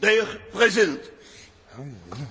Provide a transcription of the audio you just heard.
De heer president. Oh, no.